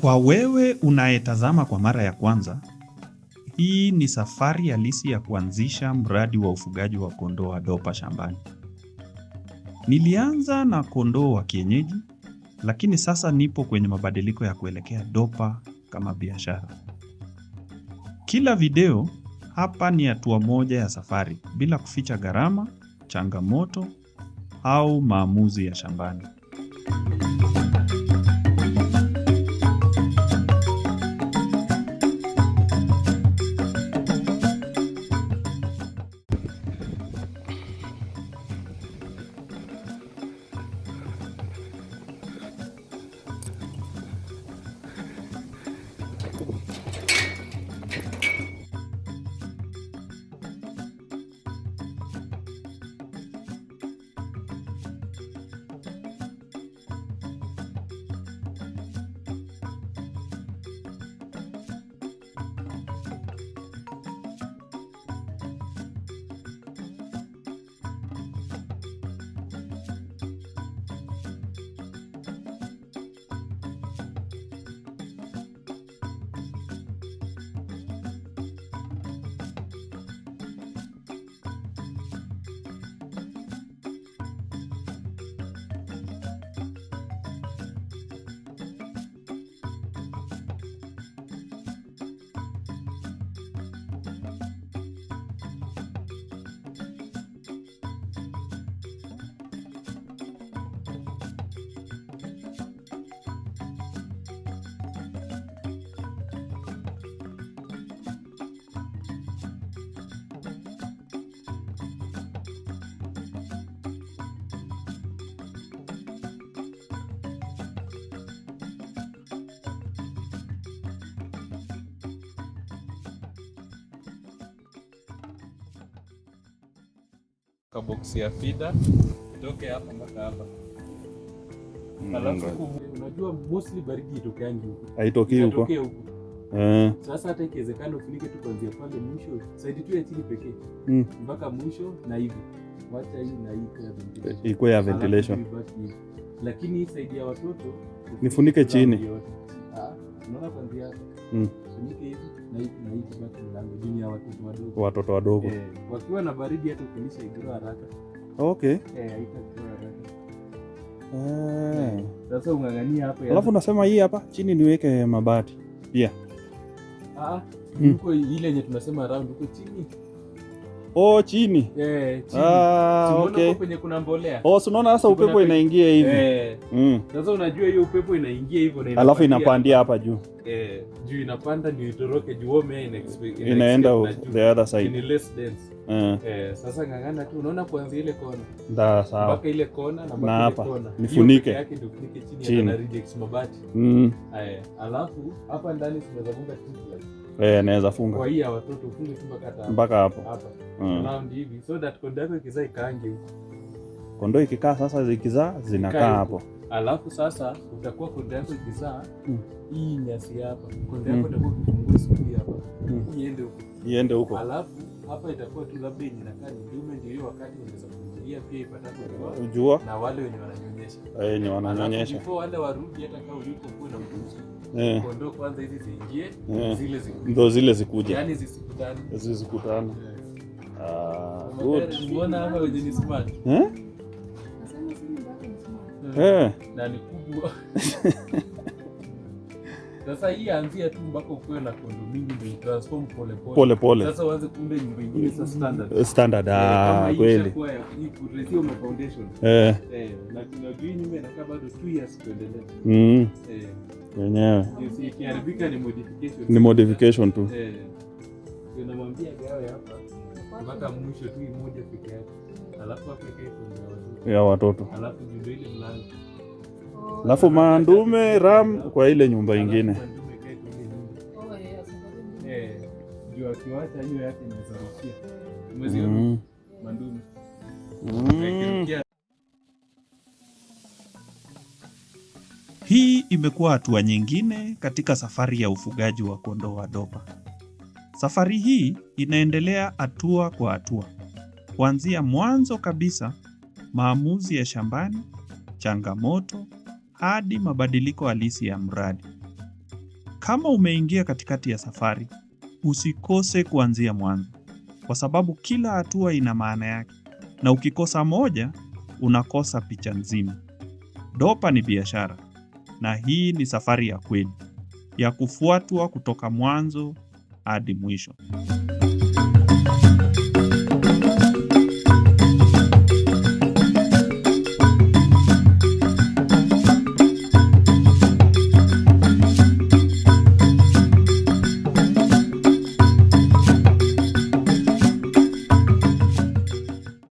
Kwa wewe unayetazama kwa mara ya kwanza, hii ni safari halisi ya kuanzisha mradi wa ufugaji wa kondoo wadopa shambani. Nilianza na kondoo wa kienyeji, lakini sasa nipo kwenye mabadiliko ya kuelekea dopa kama biashara. Kila video hapa ni hatua moja ya safari bila kuficha gharama, changamoto au maamuzi ya shambani. box ya fida itoke hapa mpaka hapa. Mm, Alafu unajua mostly baridi itokeangi huko. huko. Eh. Sasa hata ikiwezekana ufunike tu kuanzia pale mwisho, saidi tu ya chini pekee. Mm. Mpaka mwisho na hivi. Wacha hii na hii ikuwe ya ventilation. Lakini saidi ya watoto nifunike chini. Mm. watoto wadogo eh, wakiwa na baridi hata ukilisha haraka. Okay. Eh, eh. Sasa ungangania Alafu nasema hii hapa chini niweke mabati pia. Ah, mm. huko ile yenye tunasema round huko chini. Oh, chini. Eh, yeah, chini. Ah, okay. Kwenye kuna mbolea. Oh, unaona sasa upepo inaingia hivi. Eh. Mm. Sasa unajua hiyo upepo inaingia hivyo na alafu inapandia hapa juu. Eh, juu inapanda ndio itoroke juu home in expect. inaenda the other side. Ni less dense. Mm. Eh, sasa ngangana tu unaona kuanzia ile kona. Da, sawa. Mpaka ile kona na mpaka ile kona. Nifunike. Yake ndio funike chini ya na reject mabati. Mm. Eh, alafu hapa ndani tunaweza funga tubes. Eh, naweza funga kwa hiyo watoto funge tu mpaka mpaka hapo hapa mm. round hivi, so that kondoo yako ikizaa ikaange huko. Kondoo ikikaa sasa, zikizaa zinakaa hapo, alafu sasa utakuwa kondoo yako ikizaa mm. hii nyasi hapa, kondoo yako mm. itakuwa kifungua siku hii hapa, iende huko iende huko, alafu hapa itakuwa tu labda inakaa ndume, ndio hiyo wakati unaweza familia pia ipatapo jua na wale wenye wananyonyesha. Eh, ni wananyonyesha. Before wale warudi hata kama ulipo kuna mtunzi. Eh. Kondoo kwanza hizi ziingie, eh. zile zikuje. Ndio zile zikuje. Yaani zisikutane. Zisikutane. Eh. Ah, good. Mbona hapa wenye ni smart? Eh? Nasema sisi bado ni smart. Eh. Na ni kubwa. Sasa hii anzia tu mpaka ukuwe na kondo mingi ndio transform pole pole. Pole pole. Sasa uanze kumbe nyumba ingine sasa standard. Eh, standard eh, ah kweli. Kwa hiyo hiyo ma foundation. Eh. Eh, na kuna green nyumba inakaa bado 2 years kuendelea. Mm. Eh. Yenyewe. Ikiharibika ni modification. Ni modification tu. Eh. Tunamwambia gawe hapa. Mpaka mwisho tu moja pekee yake. Alafu apeke ya watoto. Alafu ndio ile mlango. Alafu mandume ram kwa ile nyumba ingine mm. Mm. Hii imekuwa hatua nyingine katika safari ya ufugaji wa kondoo dopa Safari hii inaendelea hatua kwa hatua, kuanzia mwanzo kabisa, maamuzi ya shambani, changamoto hadi mabadiliko halisi ya mradi. Kama umeingia katikati ya safari, usikose kuanzia mwanzo, kwa sababu kila hatua ina maana yake, na ukikosa moja unakosa picha nzima. Dopa ni biashara, na hii ni safari ya kweli ya kufuatwa kutoka mwanzo hadi mwisho.